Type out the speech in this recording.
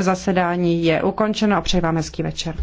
Zasedání je ukončeno a přeji vám hezký večer.